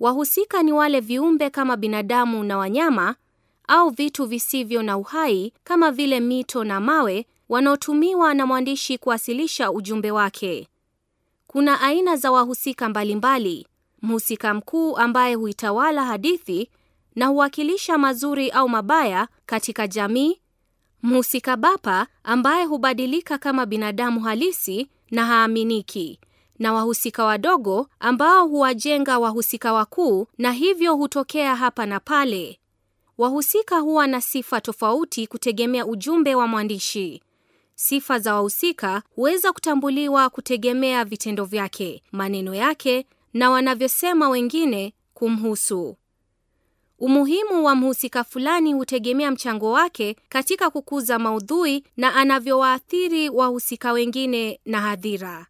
Wahusika ni wale viumbe kama binadamu na wanyama au vitu visivyo na uhai kama vile mito na mawe wanaotumiwa na mwandishi kuwasilisha ujumbe wake. Kuna aina za wahusika mbalimbali. Mhusika mkuu ambaye huitawala hadithi na huwakilisha mazuri au mabaya katika jamii. Mhusika bapa ambaye hubadilika kama binadamu halisi na haaminiki na wahusika wadogo ambao huwajenga wahusika wakuu na hivyo hutokea hapa na pale. Wahusika huwa na sifa tofauti kutegemea ujumbe wa mwandishi. Sifa za wahusika huweza kutambuliwa kutegemea vitendo vyake, maneno yake na wanavyosema wengine kumhusu. Umuhimu wa mhusika fulani hutegemea mchango wake katika kukuza maudhui na anavyowaathiri wahusika wengine na hadhira.